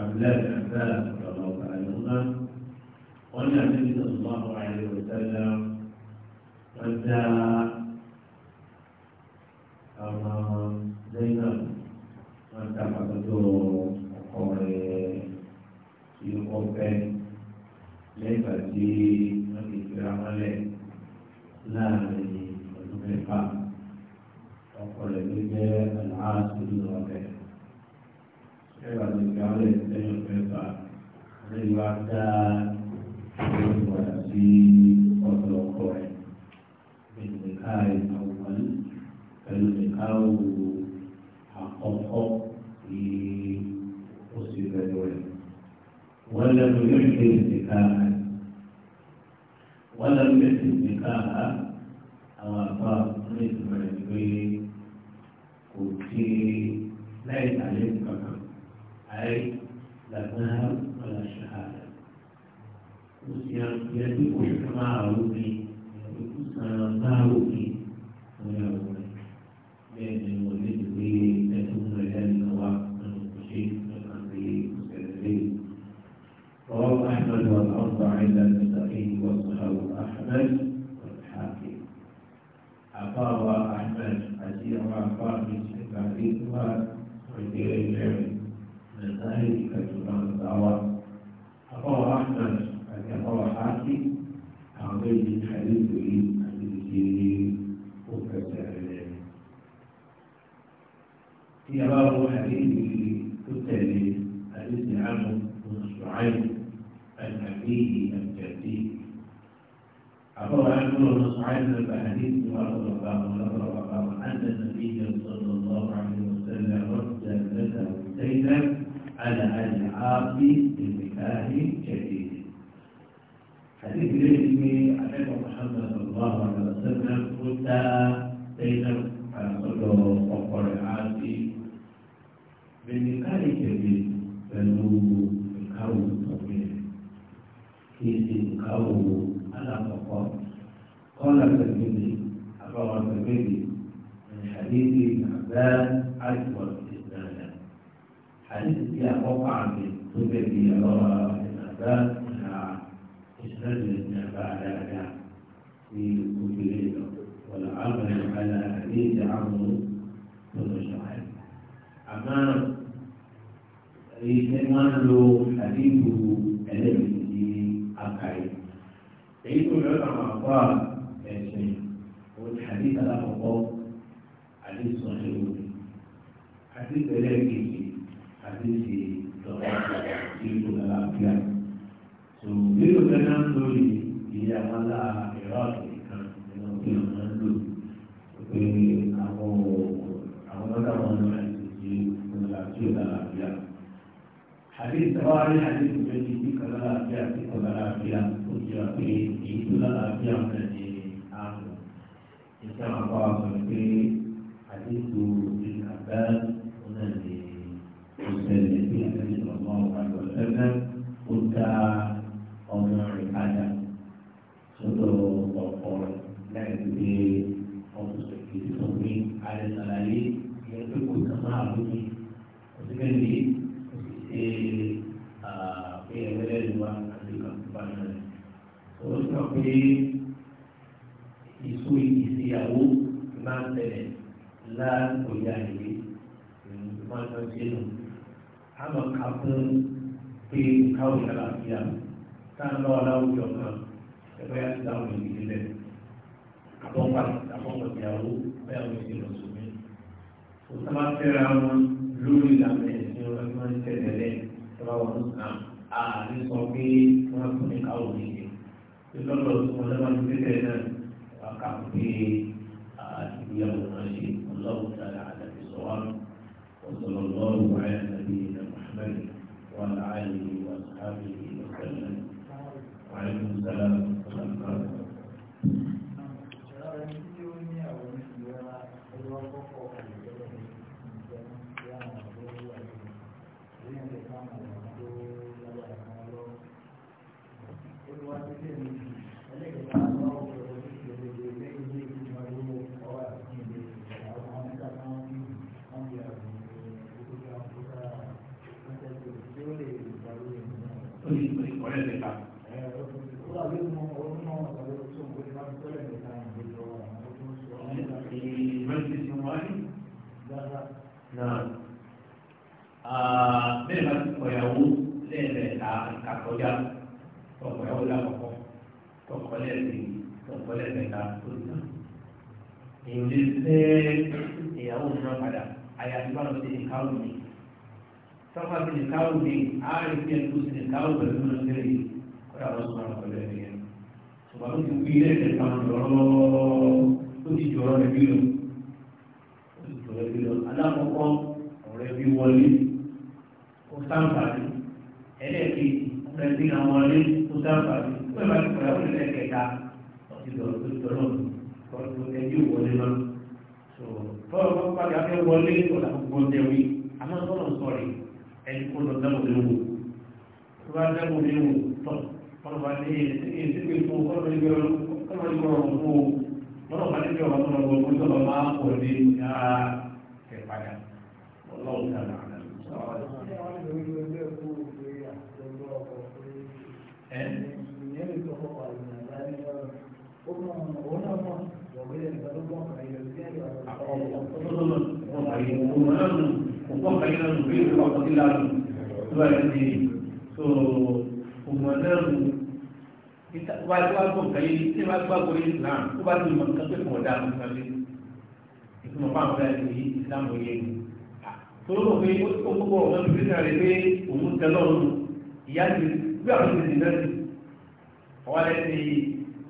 حملات أحزاب رضى الله تعالى عنهما قال النبي صلى الله عليه وسلم ودى زينب ودى حفظته قومه في قومه ليس في ملك لا ملك ولا ملك قال وقال لي العاصي ẹwà ti fi àwọn ẹ̀sìn ẹ̀fà lẹ́yìn wá dá ìwà sí ọ̀dọ̀ ọkọ rẹ̀ ìdìkà ìtàwọn pẹ̀lú ìdìkà òwò àkọ́kọ́ ní oṣù pẹ̀lú rẹ̀ wọ́n lẹ́nu yóò ṣe ìdìkà rẹ̀ wọ́n lẹ́nu yóò ṣe ìdìkà rẹ̀. ló bí فيه أم تأتيه عفوا عن الله سبحانه فحديث عرض الله أن النبي صلى الله عليه وسلم رد له سيدا على العاق بنكاح جديد حديث الاسم النبي محمد صلى الله عليه وسلم قلت سيدا على قدر وقر العاق بنكاح جديد فلو kí n nǹkan wò alákọ̀ọ́kọ́ kọ́lá pẹ̀lú àbáwá pẹ̀lú ìṣàdédé àbẹ́ àìsàn ìṣẹ̀lẹ̀ àdéhùn tí àkọ́kọ́ àmì tó bẹ̀rẹ̀ ìyàwó àbẹ́ ìṣẹ̀lẹ̀ ìjàmbá dáadáa ní òkèlè lọ wọ́n àmì àlà àdéhùn àmì tó lọ ṣàlàyé. àmọ́ èyí tẹ́ wọ́n lo àdéhùn. lọ́dọ̀ àwọn àbá iṣẹ́ àwọn afọ àwọn sọ̀rọ̀ pé àdínkù ìgbà ọ̀nà ni ìṣẹ̀lẹ̀ bí àtẹ̀lẹ́ ọmọ àgbà ṣẹ́fẹ́ ó dá ọmọ rẹ̀ padà sọ́dọ̀ ọ̀pọ̀ láì gbé ọ̀pọ̀ ìṣòwò àrẹ sàlàyé ìyẹn pé kò sọ máa lómi òṣìṣẹ́ ní òṣìṣẹ́ pé ẹgbẹ́ lẹ́nu wa àti ìkàkùn tẹ̀lé láàkó yá ìwé ìwọ́n tó ṣe nù. a mọ̀ ká fún pé káwọn yàrá fi hàn táà ń bá wọn láwùjọ kan ẹgbẹ́ yà ti dáhùn ìdílé bẹ́ẹ̀. àbọ̀pá àbọ̀pọ̀ ìyàwó bẹ́ẹ̀ wọ́n ti lọ sùn mí. o sábà fẹ́ra wọn lórí ìlànà ẹ̀sìn wọn tí wọ́n tẹ̀lé lẹ́ sábà wọn tó kàn àní sọ pé wọ́n fún mi káwọn ìdílé. ìlọ́lọ́ الله عنه kọjá tọkọ yàwó lákọ̀ọ́kọ́ tọkọ lẹ́ẹ̀kejì tọkọ lẹ́ẹ̀kẹta tó ti tàn. èyí lè fẹ́ ìyàwó mìíràn padà àyàfi bá lọ sí ìkáwù mi tọ́kọ sí ìkáwù mi àárín fi ẹ̀kú sí ìkáwù pẹ̀lú ọ̀sẹ̀ yìí kọ́ra lọ sọ àwọn ọ̀rẹ́ mi yẹn. ṣùgbọ́n ó ti wí lẹ́sẹ̀ kan jọ̀rọ̀ ó ti jọ̀rọ̀ rẹ̀ bí lọ ó ti jọ̀rọ̀ rẹ̀ bí lọ alákọ̀ọ́kọ́ ọ̀rẹ́ bí wọlé ó sáǹfààní ẹlẹ́ẹ̀kejì tẹ̀sí àwọn ọlé tó dábàá bí wọ́n bá ti pàdé òun lẹ́kẹ̀ẹ́ta ọtí lọ sí ìtọ́nà ọdún ẹjú ìwọlé lọ. tọ́lọ̀ bá pàdé afẹ́ wọlé ọ̀là gbogbo ọ̀dẹ̀wì àmọ́ tọ́lọ̀ sọ̀rọ̀ ẹni kó lọ dáwọ̀ lé wò tó bá dáwọ̀ lé wò tọ́ tọ́lọ̀ bá dé ìdíje fún ọlọ́dún ìgbẹ́ ọlọ́dún ìgbẹ́ ọlọ́dún wọ́n kàn yín lọ́nà bí ìlú ọ̀pọ̀ sí lánàá lọ́wọ́ ẹ̀ ti so òmùọ̀ náà lù wá tí wá gbọ́ kàn yín tí wá gbàgbọ́ yín náà tó bá ti mọ̀ nǹkan pé kò dáa nǹkan lé ìtumọ̀ fáwọn ọ̀gá ẹ̀ yìí ìsìlámù yé mi tolóko pé ó gbogbo ọ̀gá mi fi sàn rẹ̀ pé òun tẹ lọ́rùn ìyá ti gbé àwọn ti dìbẹ́ sí ọ̀wá lẹ́ ti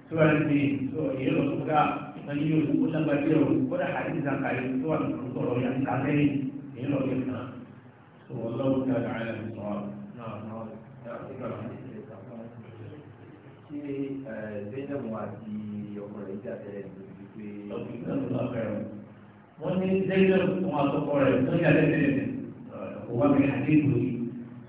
tóra ti sọ èyí lọ sọ́kà ìtàn yìí yóò nínú ọdún kan tó wọ́n lọ́wọ́ tí a dà áyà sọ ọ́ náà náà dáàbò kan ní ìṣẹ̀lẹ̀ kan fún ṣé zainab àti ọkọ rẹ̀ jà tẹ́lẹ̀ lórí pé. ọ̀sìn náà ló bá fẹ́ràn wọ́n ní zainab fún àtọkọ rẹ̀ tó yà lẹ́sẹ̀ kò wá mi àdé lórí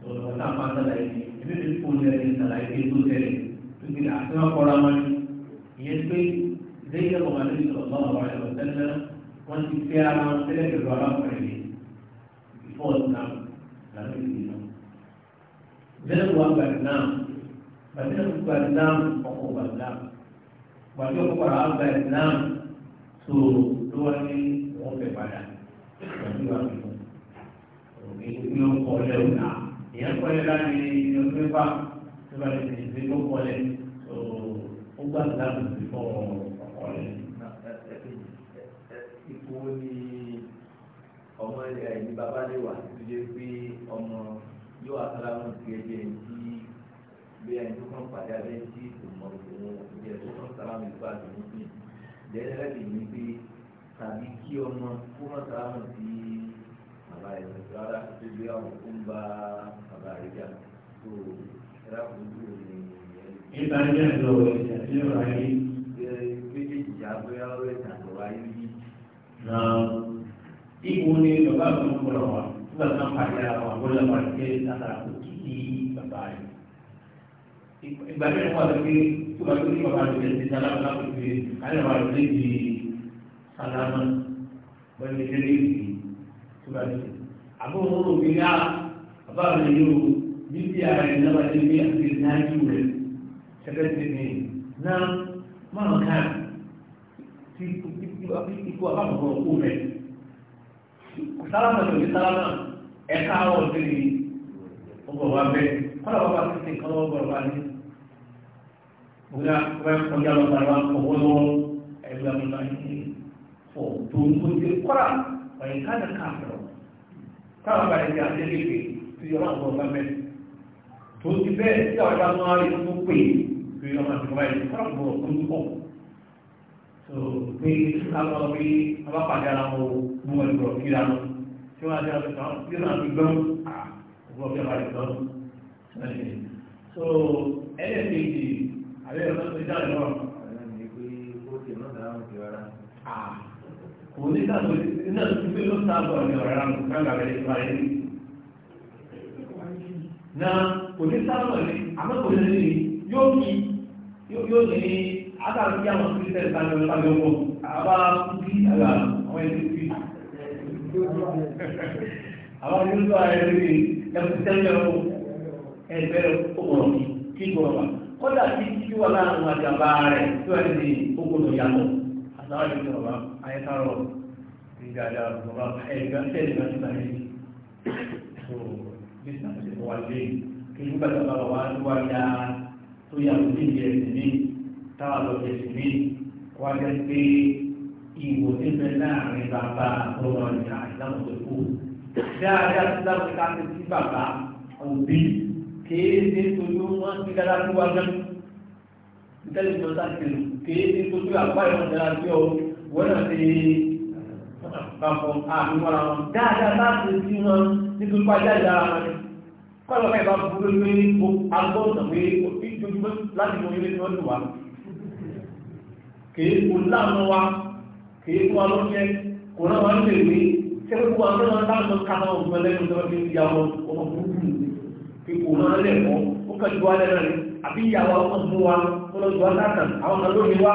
ọ̀sán tá a máa sàlàyé ẹbí mi kò ní small town làwọn èdè náà. Bẹ́ẹ̀ wà Gbàdúrà, Bàdúrà fún Gbàdúrà ọkọ̀ Gbàdúrà. Gbàdúrà ọkọ̀ àwọn Gbàdúrà tó ló wá ní wọ́n fẹ́ padà. Gbàdúrà wà fún òkè ní ọkọ̀ lẹ́wọ̀n náà. Ìyẹn kọ́lé láti ti fọ́ wọn. jẹ́ pé ọmọ yóò wá sálámù sí ẹgbẹ́ ẹni tí bí ẹni tó kàn pàdé abẹ́ tí kò mọ òun ìjẹ́ tó kàn sálámù ìgbà tó ń pè jẹ́rẹ́ lè ní pé tàbí kí ọmọ kó má sálámù sí bàbá rẹ̀ rárá tó gbé àwọn tó ń bá bàbá rẹ̀ jà tó ẹ̀rá kò dúró ní ẹni. nípa ẹgbẹ́ ìlú ọ̀rọ̀ ìjà sí ọ̀rọ̀ ayé. méjèèjì yà bóyá ọ̀rọ̀ ìjà àtọ̀rọ̀ ayé yìí. ìwọ ni bàbá mi ń kọ́ nígbà tó ń pàdé ara wọn wọ́n lọ́wọ́ àti látara kò kí sí bàbá rẹ̀. ìgbà tó ń wà lókè tó bá tó ní bàbá rẹ̀ ti dáná lápò pé àyẹ̀wò àwọn ọ̀rẹ́ di sálámà wọ́n ti délé ìdí tó bá tó. àbúrò wọn rò pé ní bàbá rẹ̀ yóò bíbí ara rẹ̀ lọ́wọ́ àti bí àti náájú rẹ̀ ṣẹ́fẹ́sì ni náà máa ká tí ikú àbábọ̀ kó sálámà lòdì sálámà ẹ̀ka àwọ̀ òbírí ọgbọ̀ wa bẹ́ẹ̀ kọ́lá wọn bá tètè kọ́lá wọn bọ̀rọ̀ wá ní. bóyá bóyá kọjá lọ bàrà wọn kọ̀wọ́ lọ́wọ́ ẹgbẹ́ mi náà ní fọ̀ tó ń kó ti kọ́lá wọ́n ká ní káàkiri káwọn bá yẹn ti àti ẹgbẹ́ tó yọ wọn bọ̀rọ̀ wá bẹ́ẹ̀ tó ti bẹ́ẹ̀ pé káwọn bí abápàdé ara wọn mú wọn lọ kí lánà tí wọn adé ọsàn tí wọn fi gbọ́n àgbọ̀ bí wọn lọ so ẹlẹ́ẹ̀kejì àbẹ́ ọ̀sán tó jáde náà. kò ní ká tó iná tó fi ló sábà ní ọ̀rẹ́ rà nǹkan kan gàgẹ́rẹ́ ìgbà yẹn ni. na kò ní sábà ní àmọ́ kò ní yóò ní yóò ní àtàrí bí àwọn kírísẹ̀ tàbí ọ̀tàbí ọmọ àbá bí àwọn ẹni bí àwọn ẹni tó ààrẹ rí ẹkùn tẹ́lẹ̀ ọmọ ẹgbẹ́ ọmọràn kí gbọ́nà kọ́dà tí kí wà láàrin àjàmbá rẹ̀ tó ẹni ní ogun ìyàtọ̀ àtàwọn ẹni tó ọba ayẹkárọ̀ ìgbàdà ọba ẹgbẹ́ tẹ́lẹ̀ náà ti sáré so bí sàmùsẹ̀ wà lé kí nígbà tó bá wà wá yá tó yà lóde ìgbẹ́ ẹ̀sìn ní táwa lọ sí ìsinmi wá jẹ́ pé ìwò tí ń bẹ láàrin bàbá àtọ́wọ́ ìyá ìdáhùn tó kù. dáadáa tí láwọn ká ti sí bàbá òbí kéé ní tojú wọn ti dára sí wa náà nítorí wọn sá ti kéé ní tojú àgbá ìwọ̀n dára sí ọ wọ́n náà ti bàbọ̀ àbúwọ̀ra wọn dáadáa bá ti sí wọn nítorí pàjá ìyá wọn ni kọ́lọ́ bá ìbá burú lórí agbóhùn náà pé ìjọba láti mọ ilé tí wọ́n lù wá kìí kò láàánú wa kìí kó wa lọ́jẹ́ kò náà wọ́n lè ní sẹ́kù wa náà wọ́n láàánú kánà òfin ẹlẹ́nu tó fi ya wọn ọmọ burúkú kí kò náà lẹ̀ mọ́ ó kàn ju wa lẹ́nu rẹ̀ àbí ìyàwó àwọn ọmọ wa tó lọ ju wa sáàtàn àwọn kan lómi wa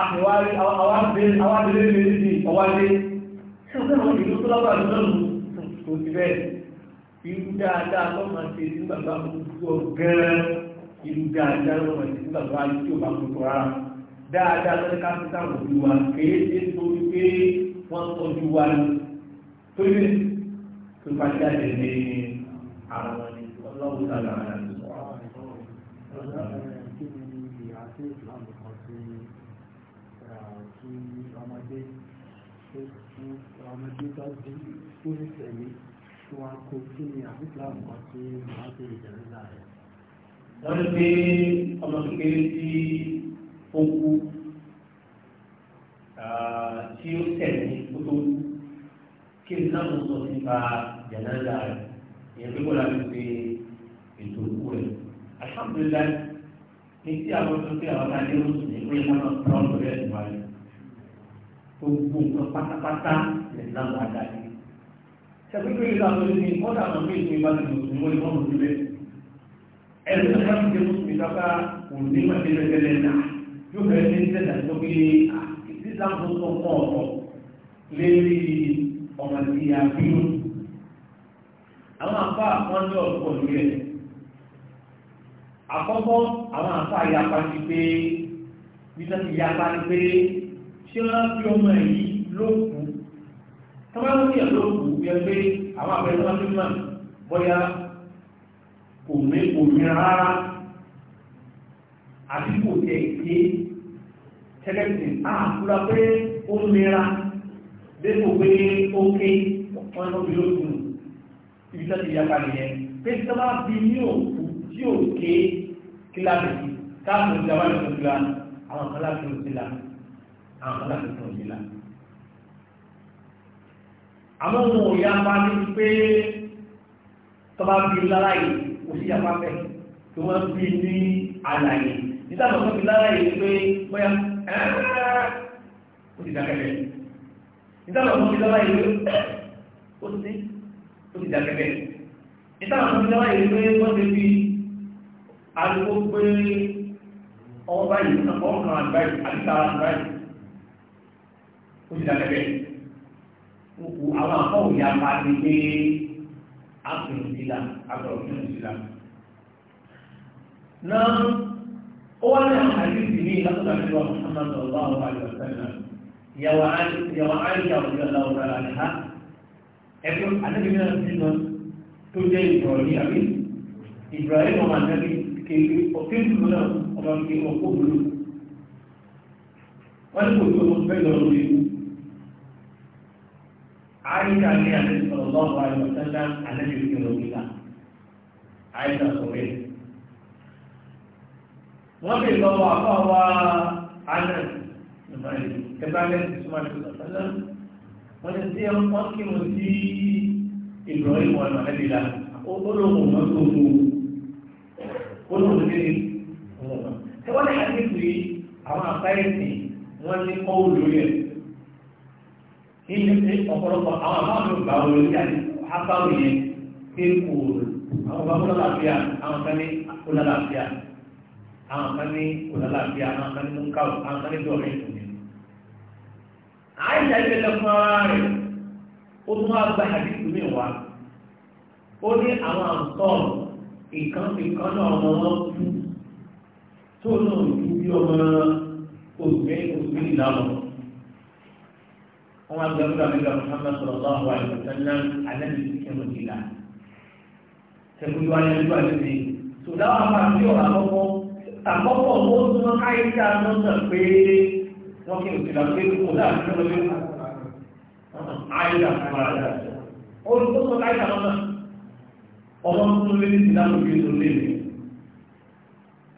àfiwárí àwọn abẹ́lé lè ní ọwádé sẹ́kù náà ìlú tó lábàá ló lọ́nu tó ti bẹ́ẹ̀ irú dáadáa ló máa ṣe nígbàgbà gbogbo gẹ́rẹ́ irú dáadáa ló máa ṣe nígbàgbà tí ò bá gbogbo rárá dáadáa lọ́dẹ́ kápítà òbí wa kéèké torí pé wọ́n tọ́jú wa ní torí tó bá jáde ní àwọn ọlọ́wọ́ sálà ọmọdé bá dé fún ìtẹ̀lé tí wọ́n kó kí ni àbíkláàmù kan tí màá tó ìjẹ̀lẹ́ láàrẹ̀. wọ́n ní pé ọmọ kékeré tí ó kú ah, tí ó tẹ̀lé kó tó kú kí n náà mú sọ nípa jẹ̀náńdà rẹ̀ ìyẹn pé kọ́lá fi pe ètò òkú rẹ̀ alhamdulilayi ní tí àwọn tó ti àwọn tá a lé oṣù ní pé wọ́n náà tọ́ ọ́ lórí ẹ̀sìn wáyé gbogbo nǹkan pátápátá lè ná lọ àdáyé sẹ́kúrú ìlú àwọn olùsìn kọ́dà àwọn ọmọ ìlú ìbá ti mùsùlùmí wọ́n lè wọ́n mùsùlùmí ẹ̀rù tó bá ti jẹ́ mùsùlùmí lọ́kà òní màdé lẹ́gbẹ̀lẹ́ náà yóò fẹ́ ní sẹ́dá tó gbé islam ah, tó tó kọ́ ọ̀rọ̀ lérí ọ̀nà tí a bí ó. àwọn afá wọn ní ọ̀pọ̀ nílẹ̀ àkọ́kọ́ àwọn afá yapa ti pé nígbà tí yapa ti pé ṣé wọ́n fi ọmọ yìí lókun tọ́lá ló yẹ lókun yẹ pé àwọn abẹ́rẹ́ wọn ti mọ̀ bóyá kò ní kò ní rárá àbí kò tẹ̀ ìdí tẹ́lẹ̀tì àkúra pé ó nira dépò pé ó ké wọ́n tó bí ó dùn ibi tó ti yapa nìyẹn pé tí wọ́n bí ní òkú tí ò ké kíláàsì káàmù ìjọba ìjọba ìjọba àwọn kan láti ń sílá àwọn kan láti ń sílá. àmọ́ wọn ò yapa ní pé tọ́ba bí láláyé kò sí yapa bẹ́ẹ̀ tí wọ́n bí ní àlàyé nígbà tó tó fi lára yìí pé bóyá ó ti dàkẹ́bẹ̀ nígbà tó tó fi lára yìí pé ó ti ó ti dàkẹ́bẹ̀ nígbà tó fi lára yìí pé wọ́n ti fi ariwo pé ọwọ́ báyìí ọwọ́ kan àgbáyìí àdìsára àgbáyìí ó ti dàkẹ́bẹ̀ òkú àwọn akọ́wò yà bá ti pé àpèrè sílá àpèrè sílá náà أولا حديث لي لقد عمر محمد صلى الله عليه وسلم يا وعائشة رضي الله تعالى عنها يقول أنا من السنة تجي إبراهيم أبي إبراهيم وما النبي كي أقيم لنا وما كي أقوم له وأنا كنت أقبل رضي عائشة عليه صلى الله عليه وسلم أنا جبت رضي الله عائشة صغيرة wọ́n lè lọ àpá wa alẹ́ ẹgbẹ́ wọ́n lè tí wọ́n kí wọ́n sí ìlọ ìwọ̀n ọ̀nà ẹ̀dìlá olóòwò wọn tó mú olóòwò ní ọmọ ẹ wọ́n lè àti pé àwọn àkáyẹ̀sì wọ́n ní kọ́ olóyè ilé ọ̀pọ̀lọpọ̀ àwọn àbáwọn ìgbà olóyè àti àbáwọn yẹn kéèkó àwọn ọba kó lọ́làbíà àwọn kan ní kó lọ́làbíà àwọn kan ní kòlálàbí àwọn kan ní múkàwù àwọn kan ní dọ̀rẹ́ ìtòmí àìsà ilé lọ́fún ara rẹ̀ ó tún wá gba àdìsí mi wá ó ní àwọn àǹtọ́ọ̀rù ìkan ìkan náà ọmọ wọn kú tó náà ju bí ọmọ òṣùwé òṣùwé ìlànà wọn wá gbẹmúlò àmìlò Muhammad sallallahu alaihi wa sallam alẹ́mi kẹmọ ìlà kẹmọ ìwà ni ẹjọ́ àti ìsìn tòdáwà máa fi ọ̀rọ̀ àkọ́kọ́ tàbọ́pọ̀ ó súnmọ́ káyíká lọ́nà pé wọ́n kí n tìlà pé kò láàrin lọ́wọ́ àìyà àìyà ó súnmọ́ káyíká lọ́nà ọmọ tó lé ní ìlànà òbí tó lé mi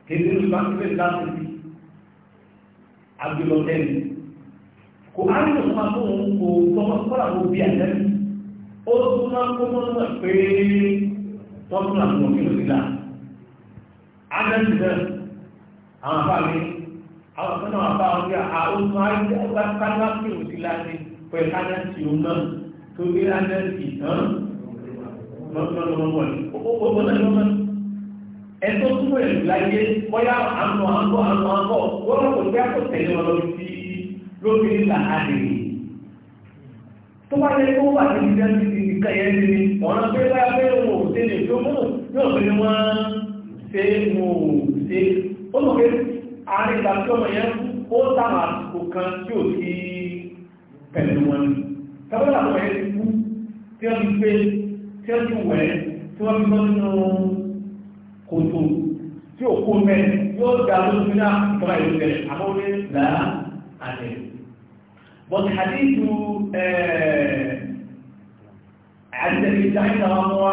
kéde ló bá ń pè láti bí agbèlọ lẹ́nu kò á nílò fún akó òun kò tọmọ kọ́là kó bí àtẹ́nu ó súnmọ́ kó mọ́nà pé wọ́n tún àwọn òbí lò sí là á àwọn afáàmì àwọn kan náà bá wọn bí àwọn ayé ọgbà kájá sí òsì láti pẹ̀lú kájá sí òun náà tó gbé kájá sí ìtàn lọ́sọ̀lọ́wọ́ ẹ̀tọ́ túnbọ̀ ẹ̀rù láyé bọ́yá àmọ́ àmọ́ àmọ́ àmọ́ wọ́n kò jẹ́ kó tẹ̀lé wọn lọ sí lóbi ńlá àdèrè tó bá yẹ kó wà ní ìdá ní ti nìkan yẹn ní ọ̀nà pé ó mọ̀ pé àárín ìdàmítọ́mọ̀ yẹn ó dáwọn àsìkò kan tí ò sí pẹ̀lú wọn ni tẹ́wọ́n àwọn ẹ̀ kú tí wọ́n fi gbé tí wọ́n fi wẹ̀ tí wọ́n fi mọ́ nínú kòtò tí ò kó mẹ́ yóò dá lóṣù náà ìjọba ìlú bẹ̀rẹ̀ àmọ́ ó lè là á àlẹ́ but hadithu eh, àdìsẹ́bí dáhìnà wọn wá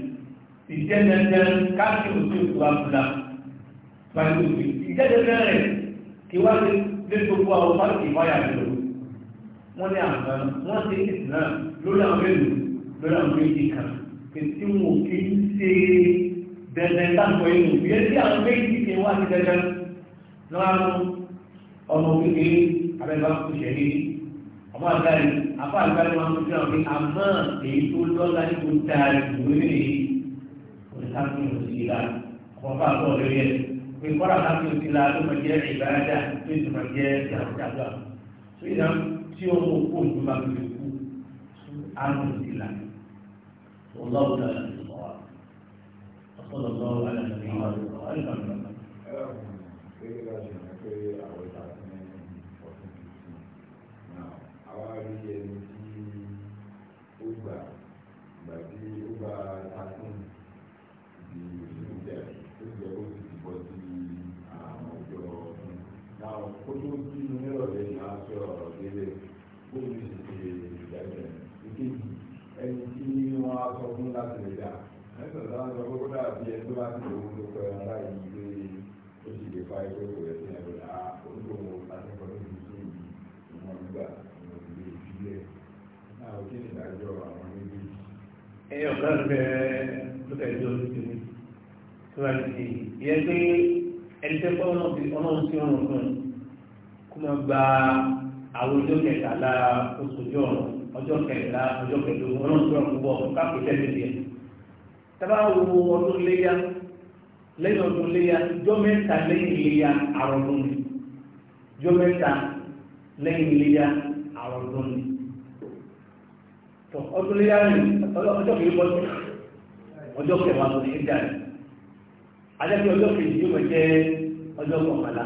ìjẹ́dẹ̀dẹ̀ káàkì òsì òkú abúlá pàtó òsì ìjẹ́dẹ̀dẹ̀ rẹ̀ kí wá lé gbogbo àwọn pàtó ìwáyà lò wọ́n ní àgbà wọ́n ti ní ìsìnà lórí àwọn èlò lórí àwọn méjì kan tí wọn kì í ṣe dẹ̀dẹ̀ táàpọ̀ inú bí ẹtí àwọn méjì kan wá sí dẹ̀dẹ̀ lọ́wọ́ ọmọ kékeré abẹ́bá kò ṣẹ̀lẹ̀ ọmọ àgbáyé àbá àgbáyé wọn káfíń òsì la wọn bá bọ̀ lórí ẹ̀ pé kọ́ra káfíń òsì la ló máa jẹ́ ìbáradà tó ti máa jẹ́ ìdàgbàgbà tó yìí náà tí ó mú kó nǹkan bá fi kú tó àrùn òsì la wọ́n lọ́wọ́ náà lọ́wọ́ ọ̀sán lọ́wọ́ alẹ́ nàìjíríà wọ́n lọ́wọ́ alẹ́ nàìjíríà. ó tó bí ní ọ̀rẹ́ ní aṣọ ọ̀rọ̀ délé bóyá sì ti ìdájọ́ ìkejì ẹni tí wọ́n á sọ fún láti lè dà ẹ̀sán tó ń sọ pé ó dàbí ẹni tó bá ti lè wúlò pẹ́ ara yìí pé ó sì lè fa ẹgbẹ́ kò rẹ̀ sí ẹ̀rọ à olùkọ́ akẹ́kọ̀ọ́ tó ti sí ìmọ̀ nígbà ìmọ̀ ìlú ìbílẹ̀ náà ó kí ni ìdájọ́ àwọn méjèèjì. ẹni tẹ́ fọ́ ọlọ́run tí ọlọ́run fún un kó máa gba àwọn ọjọ́ kẹtàlá oṣù jọ ọjọ́ kẹtàlá ọjọ́ kẹtàlá ọlọ́run tó rà púpọ̀ káàkiri tẹ́lẹ̀ tiẹ̀ tábà wo ọdún léyà lẹ́yìn ọdún léyà jọ mẹ́ta lẹ́yìn léyà àrọ̀dún ni jọ mẹ́ta lẹ́yìn léyà àrọ̀dún ni ọdún léyà rẹ̀ ọjọ́ kìí bọ́ sí ọjọ́ kẹwàá lọ sí ìjà rẹ̀ adájọ́ ọjọ́ kejì yóò jẹ́ ọjọ́ kọkànlá.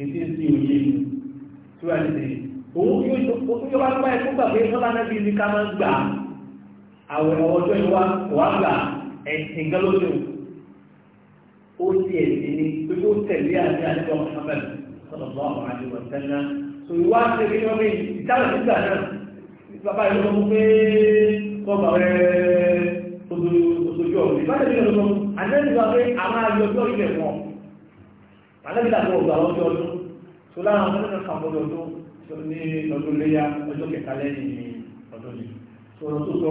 ètí sí òye tí wà ní sèyí òun yóò wá gbá ẹ fún gbàgbé sọ́lá náà bí ní ká máa ń gbà àwẹ̀ ọjọ́ ìwà wà gbà ẹ̀sìn gẹ́lódò ó ti ẹ̀sìn ni pé ó tẹ̀lé àti àdúgbò Muhammad sọ̀rọ̀ àwọn àdúgbò sẹ́nà tó ìwà ṣe bí wọ́n bí ìtàwọn ìgbà náà bàbá ìlú ọmọ pé kọ́ba rẹ̀ ojú ọ̀rọ̀ ìbáṣẹ̀ bí wọ́n lọ́mọ àdéhùn ìgbà pé àwọn àyọ̀jọ́ ilẹ̀ wọn alẹ́bí láti ọgbà ọjọ́ ọdún tó láwọn ọmọ nínú kàmọ́dé ọdún ni tó ọdún tó sọ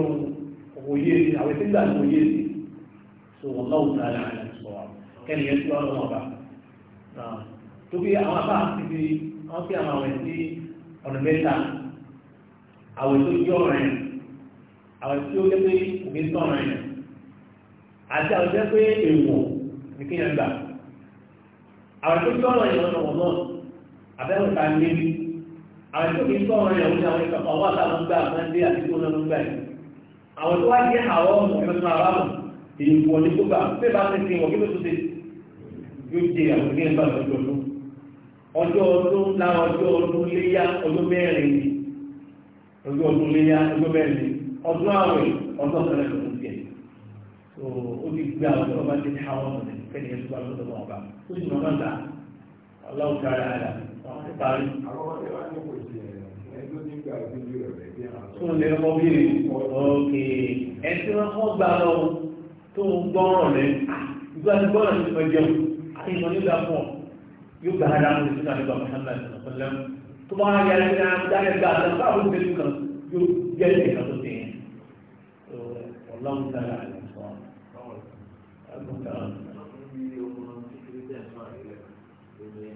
owó yé ni àwọn ni tó wọ́n náà wùdà láàrin sọ wa kẹ́ni yẹn tí wọ́n lọ́wọ́ bá tó bí àwọn afá ti di wọ́n fi àwọn àwẹ̀ sí ọ̀nà mẹ́ta àwẹ̀ tó jẹ́ ọ̀rẹ́ àwẹ̀ tí ó jẹ́ pé òkè sọ̀rọ̀ ẹ̀ àti àwẹ̀ jẹ́ pé àwọn tó sọ̀rọ̀ yẹn lọ́nà wọn náà abẹ́rù ta ní ebi àwọn tó kì í sọ̀rọ̀ yẹn wọ́n ní àwọn ìkàkọ̀ wà láwọn gbà máa dé àti tó náà gbà yìí àwọn tó wá jẹ́ àwọn ọmọ ìfẹ́ máa rà mọ̀ èyí wọ̀ ní tó gbà pé bá ti fi wọ̀n kí ló tó ṣe yóò jẹ àwọn ilé ẹgbà lọ́jọ́ ọdún ọjọ́ ọdún láwọn ọjọ́ ọdún léyà ọdún mẹ́rin ọjọ́ ọdún léyà ọdún mẹ́rin ọdún àwẹ̀ ọdún ọ̀sán lẹ́nu ó ti gbé àwọn ọba ti ní àwọn ọmọdé kẹ́ni ẹ̀ lọ́wọ́ lọ́dọ̀ wọn ọba ó sì máa lọ́la ọlọ́run kára ara wọn ti parí. àwọn ọmọdé wa ní kò sí ẹjọ́ nígbà ìdílé rẹ̀ bí àwọn. tó lè kọ́ bí ọ̀ọ́kẹ́ ẹ tí wọ́n kọ́ gbà lọ tó gbọ́rọ̀ rẹ̀ ìgbà tí gbọ́rọ̀ ti fẹ́ jẹun àti ìmọ̀ nígbà fún ọ yóò gbà ara mú ìsúná nígbà Muhammad sallam tó bá yà ní dáadáa gbà àtàkùn àwọn ìgbésùn kan yóò jẹ́ ìgbà tó ti yẹn ọlọ́run kára ara.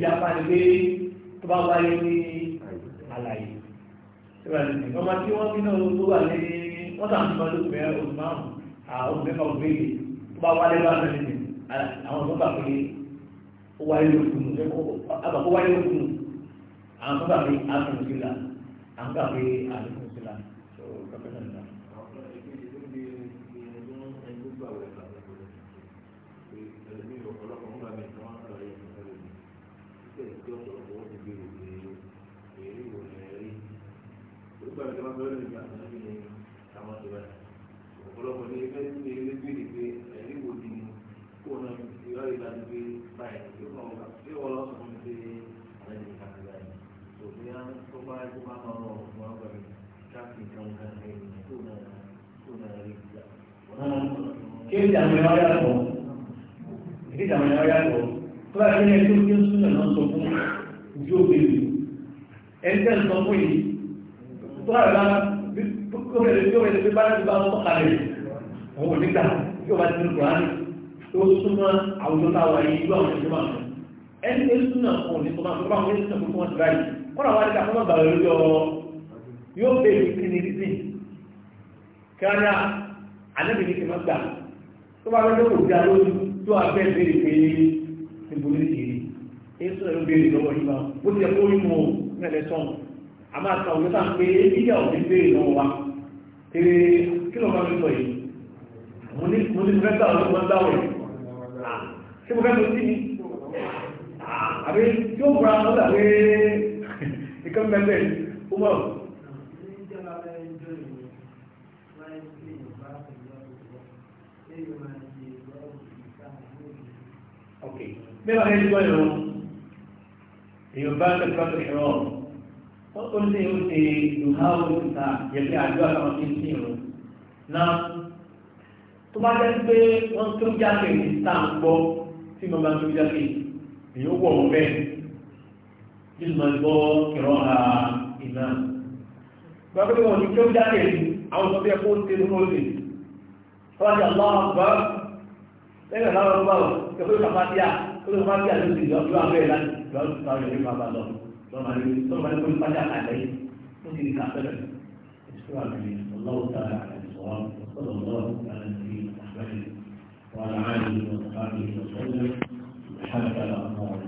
ìyapa ni pé tó bá wáyé ní àlàyé ọmọ tí wọ́n bí náà tó wà ní wọ́n tàn fún ọdún pé oṣù márùn-ún àwọn mẹ́fà òbéèrè tó bá wálé bá mẹ́rin ní àwọn tó bá pé ó wáyé lókun àbàkó wáyé lókun àwọn tó bá pé àtúnṣe là àwọn tó bá pé àtúnṣe là lórí ọ̀pọ̀lọpọ̀ ní ẹgbẹ́ tí mi lé gbé pé ẹ̀rí wo ni kó náà ti rọ́ ìdájú pé báyìí yóò kàn wá pé wọ́n lọ sọ̀rọ̀ pé àwọn ènìyàn kan báyìí tó bí wọ́n tó bá tó bá máa rọ̀ fún wọn pẹ̀lú káàkiri kan kan ẹ̀yìn tó náà tó náà rí ìgbà. kí ni àwọn ẹ̀rọ yàtọ̀ kí ni àwọn ẹ̀rọ yàtọ̀ tó bá kí ni ẹni tó ń sún kúrò náà kóbẹ̀rẹ̀ kóbẹ̀rẹ̀ pé bá ti bá wọn kọ̀kalẹ̀ àwọn onígbà yóò bá ti ní kùránì tó súnmọ́ àwùjọ táwa yìí ló àwọn ìjọba mọ̀ ẹni tó súnmọ́ àwọn onígbà tó bá wọn ní sọ̀rọ̀ fún wọn ti báyìí kọ́nà wá níta fọ́nà bàrẹ̀ lójọ yóò bèèrè kí ni rí sìn kíáyà ànábì ní kí wọ́n gbà tó bá wọn lọ́wọ́ ìjà lójú tó abẹ́ bèèrè pé ìbòmí ti rí èso ẹ̀ ló bèèrè lọ́wọ́ yìí a máa ka òwe sáà pé bídíà ò ní gbé ìlú wa pé kí ló máa ń sọ yìí mo ní mo ní fẹ́ sáà lọ́wọ́ dáwọ̀ yìí ṣé mo fẹ́ lọ sí mi àbí tí ó múra lọ́dà pé ìkan mẹ́fẹ́ ó mọ̀ ok bí wàá kẹ́ ẹ́ ti ó lé ó ṣe ìdùnnà òkúta yẹ̀bí àjọ àwọn tí ń sìn o náà tó bá jẹ́ pé wọ́n tó jáde ní sáǹgbọ́ tí mo bá tó jáde èyí ó wọ̀ ọ́ bẹ́ẹ̀ bí mo gbọ́ kẹrọ ha ìná gbọ́dọ̀ pé wọ́n ní tó jáde àwọn tó bẹ́ẹ̀ kó ṣe ló lè wọ́n ti àlọ́ àgbà lẹ́yìn àlọ́ àgbà ó ṣe pé kàfáàdíà ó lè kàfáàdíà ló ti yọ ọjọ́ àbẹ́ẹ̀ طبعا يكون قد عليه ممكن يتعقل الشكر عليه والله تعالى على وصلى الله على نبينا محمد وعلى اله وصحبه وسلم الحمد